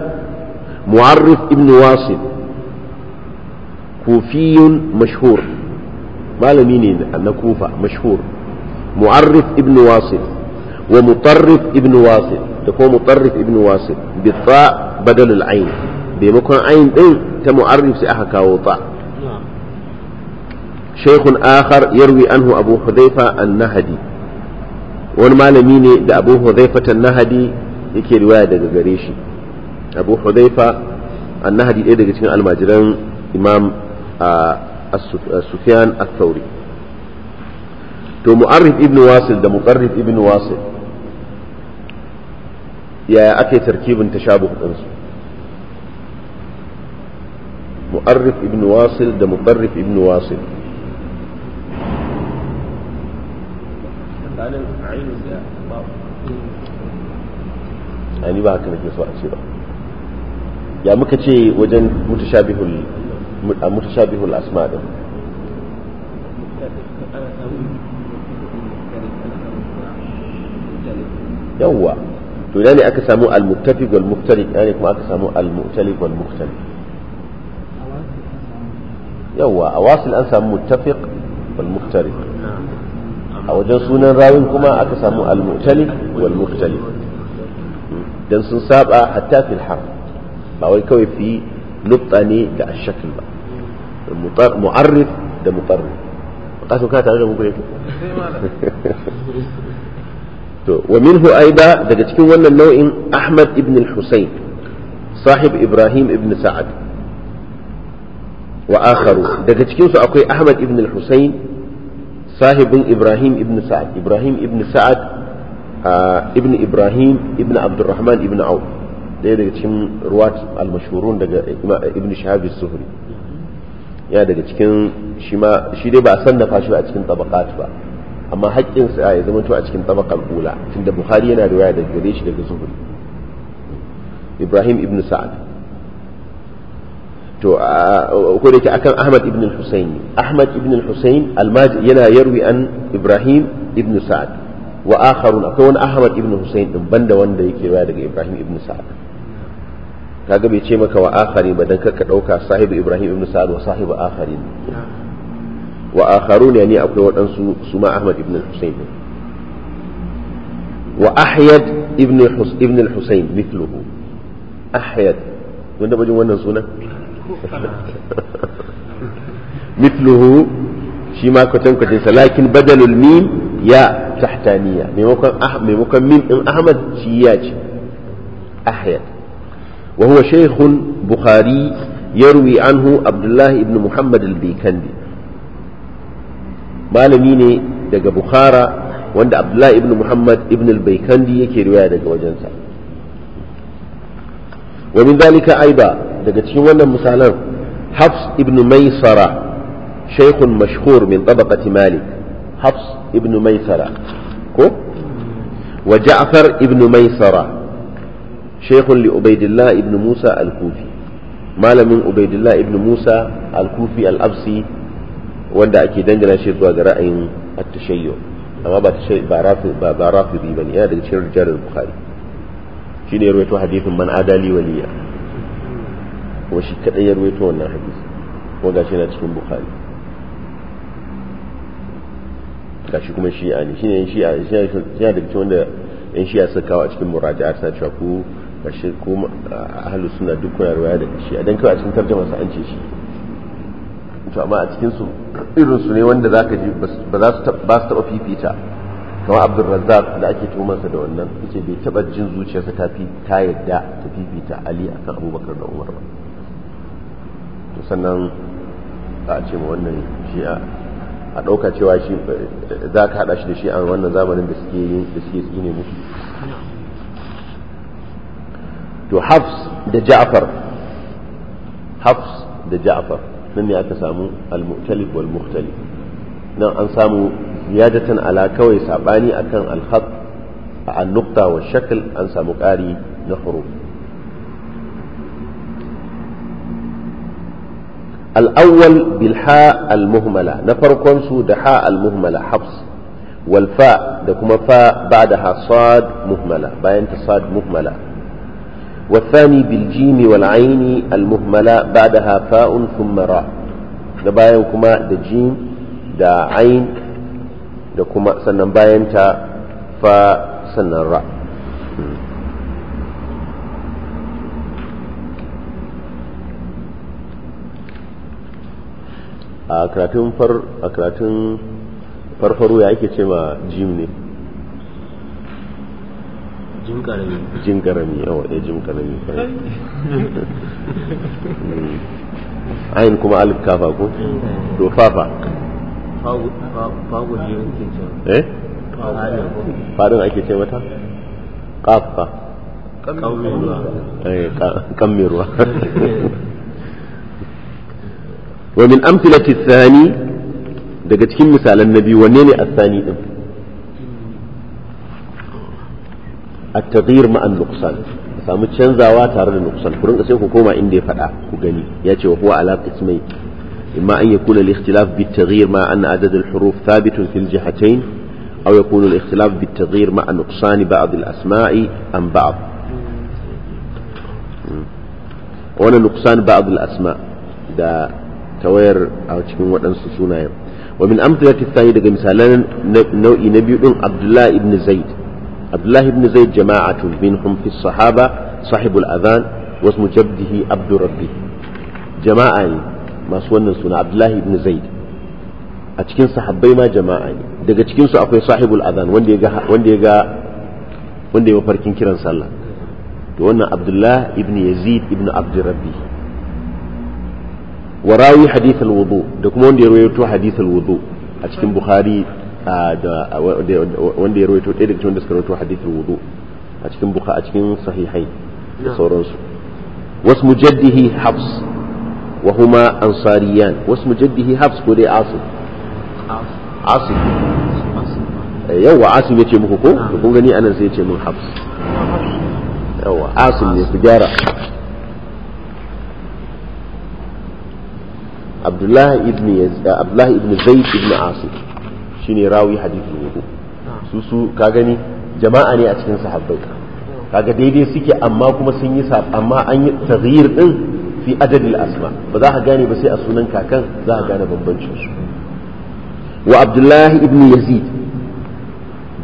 معرف ابن واصل كوفي مشهور ما لمين أن كوفة مشهور معرف ابن واصل ومطرف ابن واصل تكون مطرف ابن واصل بالطاء بدل العين maimakon ayin ɗin ta mu'arrif sai aka kawo ta shaykhun akhar yarwi anhu abu hudhaifa an-nahdi wani malami ne da abu hudhaifa an-nahdi yake riwaya daga gare shi abu hudhaifa an-nahdi ɗaya daga cikin almajiran imam sufyan ath-thawri to mu'arrif ibnu wasil da muqarrib ibnu wasil yaya ake tarkibin tashabuh ɗinsu مؤرف ابن واصل ده مؤرف ابن واصل يعني بقى كده سواء سواء يا مكتشي وجن متشابه متشابه الاسماء ده يوه تقول يعني اكسامو المتفق والمختلف يعني كما اكسامو المؤتلف والمختلف يوا أواصل أنسى متفق والمختلف نعم. أو جنسون راوين كما أكسامو المؤتلف والمختلف جنسون سابع حتى في الحرب فأوي كوي في نبطني دع الشكل معرف دا مطرف قاسم كانت هذا مبريك ومنه أيضا دا تكون ولا أحمد ابن الحسين صاحب إبراهيم ابن سعد wa akharu daga cikin su akwai Ahmad ibn al-Husayn sahibin Ibrahim ibn Sa'ad Ibrahim ibn Sa'ad ibn Ibrahim ibn Abdurrahman ibn Auf daya daga cikin ruwat al-mashhurun daga Ibn Shihab az-Zuhri ya daga cikin shi ma shi dai ba a sannafa shi a cikin tabaqat ba amma haƙƙin sa ya zama to a cikin tabaqal ula tunda Bukhari yana da waya daga gare shi daga Zuhri Ibrahim ibn Sa'ad to ko da akan Ahmad ibn al-Husayn Ahmad ibn al-Husayn al-Majd yana yarwi an Ibrahim ibn Sa'ad wa akharun akwai wani Ahmad ibn Husayn din banda wanda yake waya daga Ibrahim ibn Sa'ad kaga bai ce maka wa akhari ba dan kaka dauka sahibu Ibrahim ibn Sa'ad wa sahibu akharin wa akharun yani akwai waɗansu su ma Ahmad ibn al-Husayn wa Ahyad ibn ibn al-Husayn mithluhu Ahyad wanda bajin wannan sunan مثله shi ma kwatankwacin sa lakin badalul mim ya tahtaniya maimakon ah, mim din ahmad shi ya ce ahyat wa huwa bukhari yarwi anhu abdullah ibn muhammad al-bikandi malami ne daga bukhara wanda abdullah ibn muhammad al-baikandi yake riwaya daga wajensa wa min zalika aiba daga cikin wannan misalan hafs ibn maisara shaykhun mashhur min tabaqati malik hafs ibn maisara ko wa ja'far ibn maisara shaykhun li ubaidillah ibn musa al-kufi malamin ubaidillah ibn musa al-kufi al-absi wanda ake dangana shi zuwa ga ra'ayin at-tashayyu amma ba tashay ba rafi ba ba rafi bane yana daga cikin rijalul bukhari shine ya rawaito hadithin man adali waliya kuma shi kadai ya ruwaito wannan hadisi kuma gashi yana cikin bukhari gashi kuma shi'a ne shine shi'a shi'a da cikin wanda yan shi'a suka kawo a cikin muraja'a suna cewa ku gashi ku ahlus sunna duk kuna ruwaya shi shi'a dan kawai a cikin tarjuma sa an ce shi to amma a cikin su irin su ne wanda zaka ji ba za su ba su taba fifita kamar Abdul Razzaq da ake tuhumarsa da wannan yace bai taba jin zuciyarsa ta fi ta yadda ta fifita Ali akan Abubakar da Umar ba sannan za a ce ma wannan shi'a a ɗauka cewa shi za ka haɗa shi da shi a wannan zamanin da suke yin da suke tsine musu to hafs da ja'far hafs da ja'far nan ne aka samu al-mu'talif wal muktali nan an samu ziyadatan ala kawai sabani akan al-khat an-nuqta wa shakl an samu ƙari na huruf al'awwal bil ha al-muhmala na farkon su da ha al-muhmala hafs walfa da kuma fa ba da ha sad muhmala bayan ta sad muhmala والثاني بالجيم والعين المهملة بعدها فاء ثم راء da bayan kuma da jim da ain da kuma sannan bayanta fa sannan ra a karatun far a karatun farfaro ya ake ce ma jim ne jim karami jim karami yawa eh jim karami ayin kuma alif kafa ko to fafa fago jim eh fadin ake ce mata kafa kan ruwa eh, wa min amthilati daga cikin misalan nabi wanne ne athani din at nuqsan samu canzawa tare da nuqsan ku rinka sai ku koma inda ya faɗa ku gani ya ce wa huwa ala qismai imma an yakuna al-ikhtilaf bi taghyir ma anna adad al-huruf thabitun fil jihatayn أو يكون الاختلاف بالتغيير مع نقصان بعض الأسماء عن بعض وأنا نقصان بعض الأسماء ده tawayar a cikin waɗansu sunayen wa min amsalati tsani daga misalan nau'i na biyu din abdullahi ibn zaid abdullahi ibn zaid jama'atun minhum fi sahaba sahibul adhan wasu ismu jabdihi abdu rabbi jama'a ne masu wannan suna abdullahi ibn zaid a cikin sahabbai ma jama'a ne daga cikin su akwai sahibul adhan wanda ya ga wanda ya mafarkin kiran sallah to wannan abdullahi ibn yazid ibn abdu rabbi wa rawi hadith al-wudu da kuma wanda ya rawaito hadith al-wudu a cikin bukhari da wanda ya rawaito ɗaya daga cikin wanda suka rawaito hadith al-wudu a cikin buka a cikin sahihai da sauransu wasu mujaddihi hafs wa huma ansariyan wasu mujaddihi hafs ko dai asif asif eh, yawa asif ya ce muku ko kun gani anan sai ya ce mun hafs yawa asif ne ku gyara abdullahi ibn eh, abdullahi ibn zaid ibn asim shine rawi hadithul wudu su su ka gani jama'a ne a cikin sahabbai kaga daidai suke amma kuma sun yi sab amma an yi taghyir din fi adadil asma ba za ka gane ba sai a sunan kakan za ka gane bambancin su wa abdullahi ibn yazid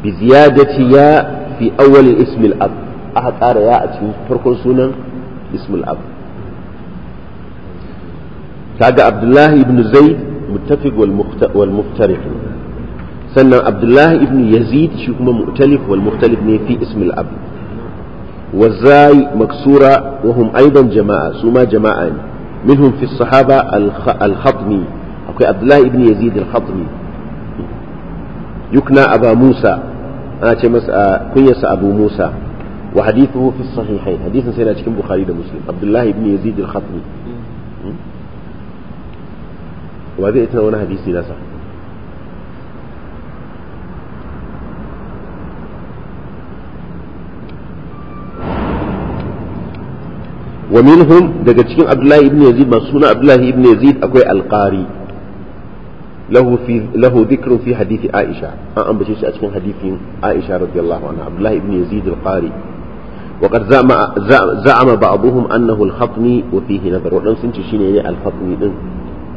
bi ziyadati ya fi awwal ismil al-ab aka ƙara ya a cikin farkon sunan ismil ab kaga abdullahi ibn zaid muttafiq wal muftariq sannan abdullahi ibn yazid shi kuma mu'talif wal mukhtalif ne fi ismil ab wazai maksura wa hum aidan jama'a su ma jama'a ne minhum fi sahaba al khatmi akwai abdullahi ibn yazid al khatmi yukna aba musa ana ce masa kunyarsa abu musa wa hadithu fi sahihain hadithin sai na cikin bukhari da muslim abdullahi ibn yazid al khatmi wa zai tana wani hadisi nasa wa minhum daga cikin abdullahi ibn yazid masu suna abdullahi ibn yazid akwai alqari lahu fi lahu dhikrun fi hadithi aisha an ambace shi a cikin hadithin aisha radiyallahu anha abdullahi ibn yazid alqari وقد زعم زعم بعضهم انه الخطمي وفيه نظر ودن سنتي شيني ne الخطمي din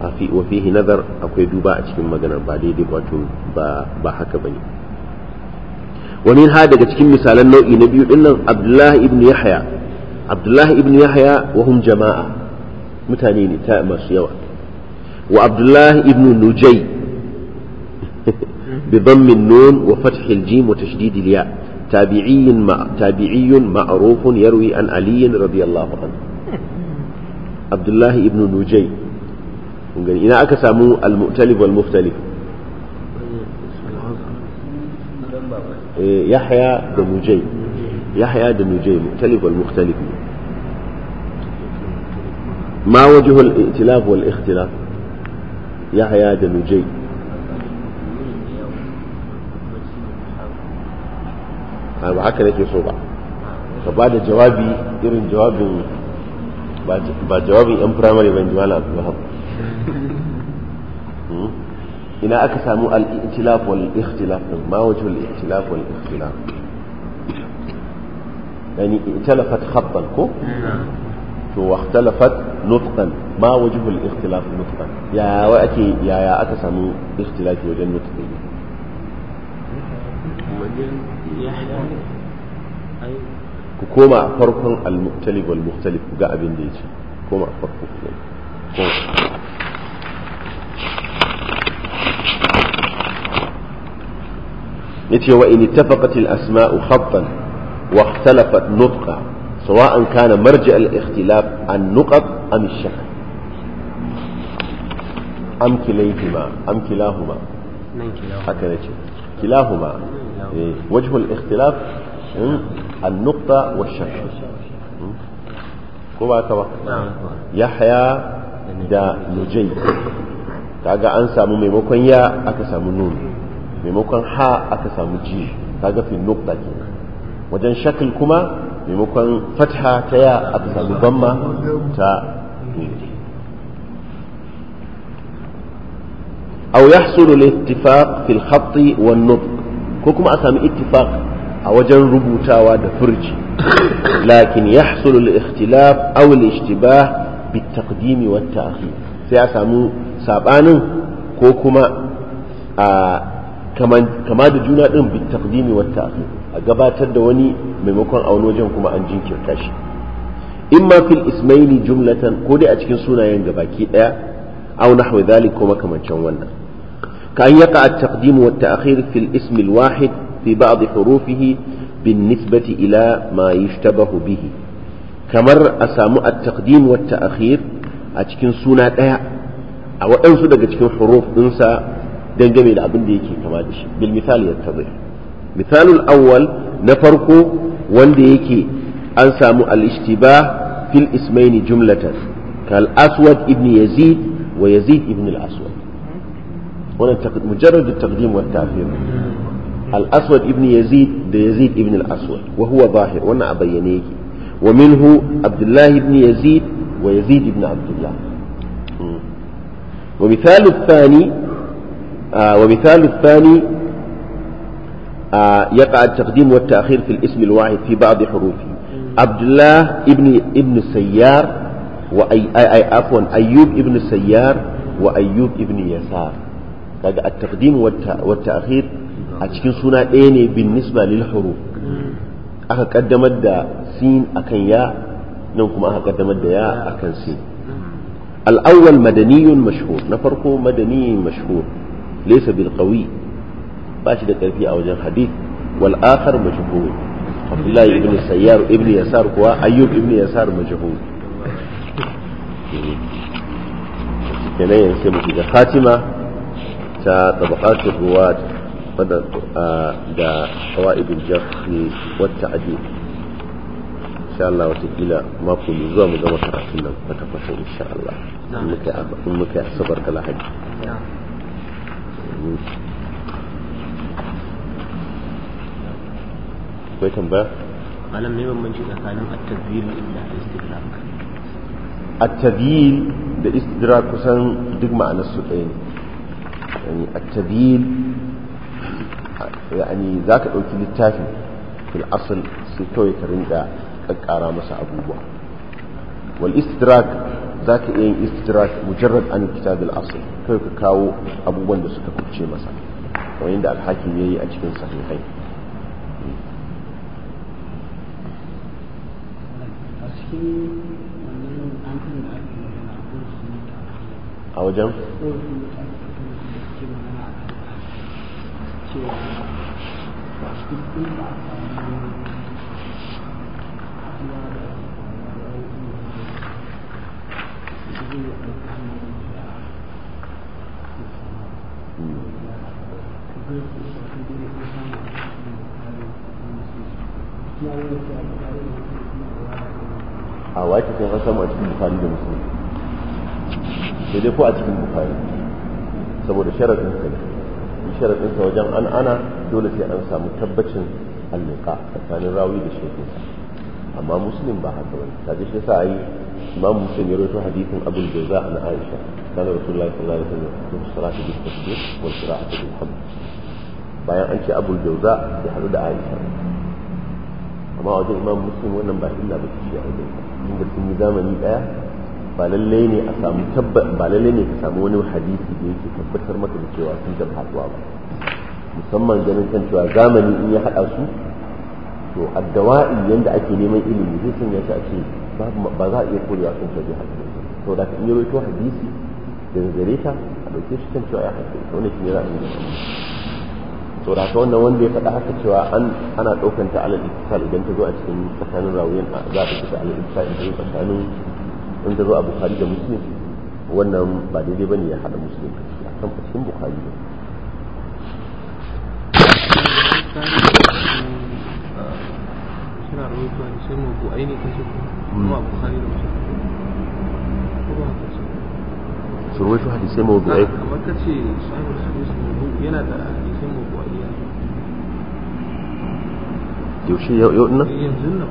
wa fihi nazar akwai duba a cikin maganar ba daidai wato ba haka bane wani ha daga cikin misalan nau'i na biyu dinnan abdullahi ibn yahya abdullahi ibn yahya wa hum jama'a mutane ne ta masu yawa wa abdullahi ibn nujay bi dhammi nun wa fathi al-jim wa tashdid al-ya tabi'i ma tabi'i ma'ruf yarwi an ali radiyallahu anhu abdullahi ibn nujay kun gani ina aka samu al-mu'talib wal muftalif yahya da mujay yahya da mujay mu'talib wal muftalif ما وجه الائتلاف والاختلاف يحيى دلوجي ba haka nake so ba ka ba da jawabi irin jawabin ba jawabin yan firamare ba jiwa na abu ina aka samu al-ikhtilaf wal ikhtilaf din ma wajhul ikhtilaf wal ikhtilaf yani ikhtalafat khattan ko to ikhtalafat nutqan ma wajhul ikhtilaf nutqan ya wa ake ya ya aka samu ikhtilafi wajen nutqi ku koma farkon al-mukhtalif wal mukhtalif ga abin da yace koma farko ko نتي وإن اتفقت الأسماء خطا واختلفت نطقا سواء كان مرجع الاختلاف النقط أم الشكل أم كليهما أم كلاهما نعم، كلاهما إيه. وجه الاختلاف إيه؟ النقطة والشكل إيه؟ كما توقع نعم. يحيى دا نجي تاقى أنسى ممي يا أكسى منوني maimakon ha aka samu ji kaga fi nukta ke wajen shakil kuma maimakon fatha ta ya aka samu bamma ta e. aw yahsulu al-ittifaq fi al-khatt wa an ko kuma a sami ittifaq a wajen rubutawa da furci lakin yahsulu al-ikhtilaf aw al-ishtibah bi takdimi wa sai a samu sabanin ko kuma a kama da juna din bi taqdimi wa ta'khir a gabatar da wani maimakon a wani wajen kuma an jinkirta shi imma fil ismaili jumlatan ko dai a cikin sunayen gabaki daya aw nahwa dhalik kuma kamancan wannan ka an yaqa at taqdim wa ta'khir fil ismi al wahid fi ba'd hurufihi bin nisbati ila ma yushtabahu bihi kamar a samu at taqdim wa ta'khir a cikin suna daya a waɗansu daga cikin huruf ɗinsa dangane da abin da yake kama da shi bil misali misal yattabi misalul awwal na farko wanda yake an samu al-ishtibah fil ismaini jumlatan kal aswad ibn yazid wa yazid ibn al-aswad wala taqad mujarrad al taqdim wa at-ta'khir al-aswad ibn yazid da yazid ibn al-aswad wa huwa zahir wa a bayyane yake wa minhu abdullah ibn yazid wa yazid ibn abdullah ومثال الثاني ومثال الثاني يقع التقديم والتأخير في الاسم الواحد في بعض حروفه عبد الله ابن ابن السيار وأي أي أي عفوا أيوب ابن السيار وأيوب ابن يسار kaga at-taqdim wa at-ta'khir a cikin suna ɗaya ne bin nisba lil huruf aka kaddamar da sin akan ya nan kuma aka kaddamar da ya akan si al madaniyun mashhur na farko madaniyun mashur. ليس بالقوي باشد الكرفي او جن حديث والاخر مجهول عبد الله ابن السيار ابن يسار هو ايوب ابن يسار مجهول كان ينسي مجد خاتمة تا طبقات الرواة آه، دا قوائد الجرح والتعديل إن شاء الله وتقبل ما كل زوم زوم تعطينا ما إن شاء الله نعم. أمك أب... إنك حد نعم. akwai tambaya malam me bambanci tsakanin at-tadbir da istidrak at-tadbir da istidrak kusan duk ma'anar su ɗaya ne yani at-tadbir yani ka ɗauki littafi fil asl sai kawai ka rinka ƙaƙƙara masa abubuwa wal istidrak za ka iya yin istidrak mujarrad an kitab al kai ka kawo abubuwan da suka fice masa kamar yadda al-hakim yayi a cikin sahihai a wajen a wace sun ka samu a cikin bukari da musulmi sai dai ko a cikin bukari saboda sharaɗin ka ne sharaɗin ka wajen an ana dole sai an samu tabbacin alluka tsakanin rawi da shekunsa amma musulun ba haka wani je shi sa yi imam muslim ya rawaito hadithin abu jaza an aisha kana rasulullahi sallallahu alaihi wasallam kun salatu bi tasbih wal qira'atu bil hamd bayan an ce abu jaza ya hadu da aisha amma wajen imam muslim wannan ba illa ba ce a wajen inda sun yi zamani daya ba lallai ne a samu tabba ba lallai ne ka samu wani hadisi da yake tabbatar maka da cewa sun tabbata haɗuwa ba musamman ganin kan cewa zamani in ya haɗa su to addawa'i yanda ake neman ilimi zai sanya shi a cikin. ba za a iya a kan ta jihar to da in yaro to hadisi da gare ta a dauke shi kan cewa ya haɗe to ne shine ra'ayi to da ka wannan wanda ya faɗa haka cewa an ana ɗaukan ta alal ittisal idan ta zo a cikin tsakanin rawayin za a ɗauki ta alal ittisal idan tsakanin in ta zo a bukhari da muslim wannan ba daidai bane ya haɗa muslim a kan cikin bukhari ne suna rawaito ne sai mu bu aini kace kuma hmm. bukhari da muslim su rawaito hadisai mu bu aini kamar kace sahih hadis mu yana da hadisai mu bu aini yaushe yau eh, nan yanzu nan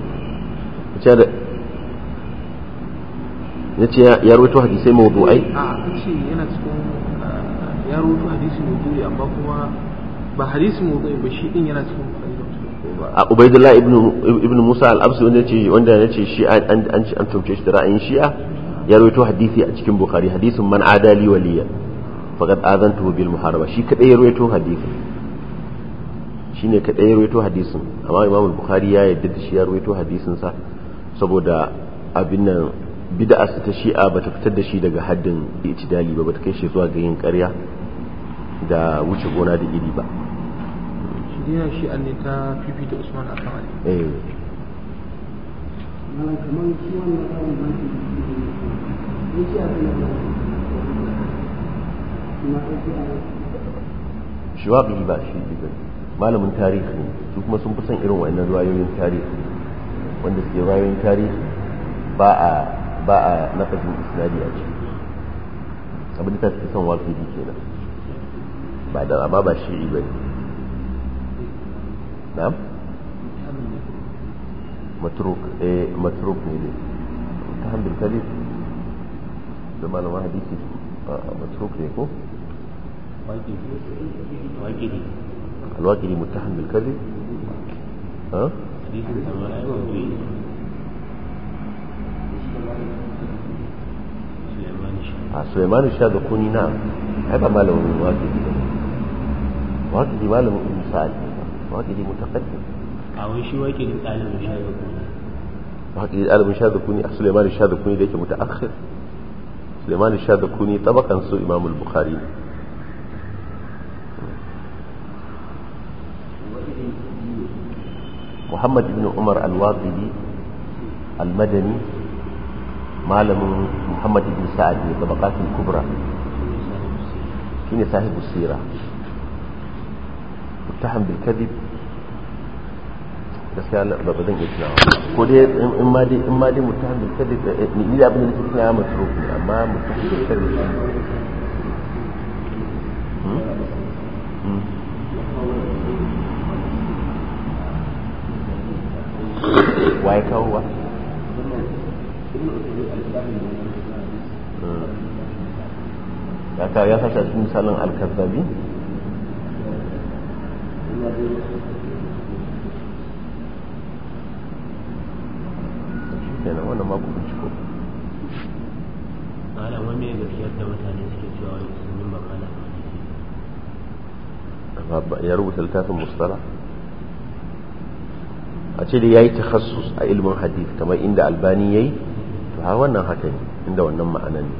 da ya ce ya rawaito hadisai mawdu'ai a kace yana cikin ah, ya rawaito hadisi mawdu'i amma kuma ba hadisi mawdu'i ba shi din yana cikin ubaidullah ibn musa al-absi wanda yace wanda yace shi an an tumce shi da ra'ayin shi'a ya rawaito hadisi a cikin bukhari hadisin man adali waliya faqad azantu bil muharaba shi kadai ya rawaito hadisin ne kadai ya rawaito hadisin amma imam bukhari ya yadda da shi ya rawaito hadisin sa saboda abin nan bid'a ta shi'a bata fitar da shi daga haddin itidali ba ba ta kai shi zuwa ga yin ƙarya da wuce gona da iri ba ya shi an ne ta fifita usman akan ali eh ba shi ba malamin tarihi su kuma sun fi son irin wannan ruwayoyin tarihi wanda suke tarihi ba a ba a nafajin isnadi a ciki abin da ta fi son waƙi kenan ba da amma ba shi'i ba ne نعم متروك ايه متروك ليه امتحان بالكاليف لما لو واحد يجي آه، متروك ليكو إيه، واجري الواجري متهم بالكذب ها آه، سليمان الشاذ كوني نعم هذا ما له واجري واجري ما له مثال رجل متقدم أو شو وجد الآلم الشاذكوني رجل الآلم الشاذكوني سليمان الشاذكوني ليك متأخر سليمان الشاذكوني طبقا سوء إمام البخاري محمد بن عمر الواقدي المدني معلم محمد بن سعد من طبقات الكبرى كني صاحب السيرة متهم بالكذب gaskiya ba ba zan iya ko dai in ma dai in ma eh, da ni abin da ne amma da hmm? wa ya kawo hmm. ya cikin misalin alkazabi kenan wannan babu binciko malam wani gaskiyar da mutane suke cewa musulmin makala ya rubuta littafin mustala a ce da ya yi takhassus a ilmin hadith kamar inda albani ya yi to ha wannan haka ne inda wannan ma'ana ne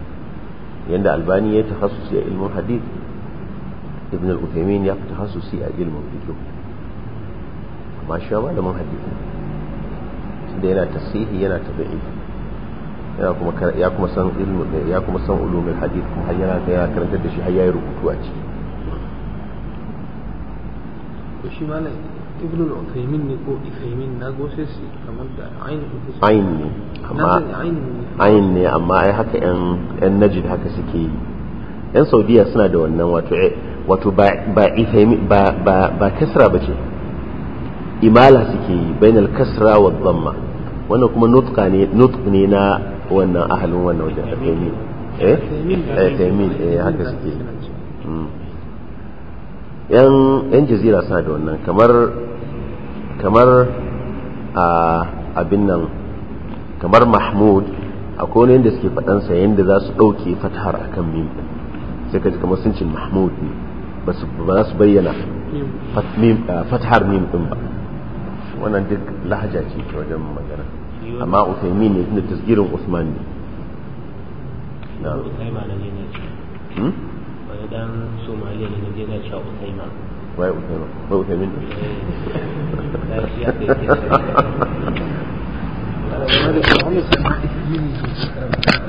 yadda albani ya yi takhassus a ilmin hadith ibn al-uthaymin ya fi takhassusi a ilmin fiqh amma shi ba malamin hadith ne da yana tasihi yana tabi'i yana kuma ya kuma san ilmu ya kuma san ulumul hadith kuma har yana ya karanta da shi har yayi rubutu a ciki to shi malam ibnu al-uthaymin ne ko uthaymin na go sai shi kamar da ayin ayin amma ayin ne amma ai haka yan yan najid haka suke yi yan saudiya suna da wannan wato eh, wato ba ba ba ba kasra bace imala suke yi bainal kasra wa dhamma wannan kuma nutqa ne nutq ne na wannan ahalin wannan wajen ta eh eh taimin eh haka suke yi mm. yan yan jazira sa da wannan kamar kamar a abin nan kamar mahmud akwai wani yadda suke faɗansa yadda za su ɗauke fatahar akan mim sai ka ji kamar sun ce mahmud ne ba za su bayyana fatahar mim ɗin ba wannan duk lahaja ce ta wajen magana amma usaimi ne tunda tasgirin usman ne na hmm? dan somaliya ne je na usaima wai usaima wai ne eh,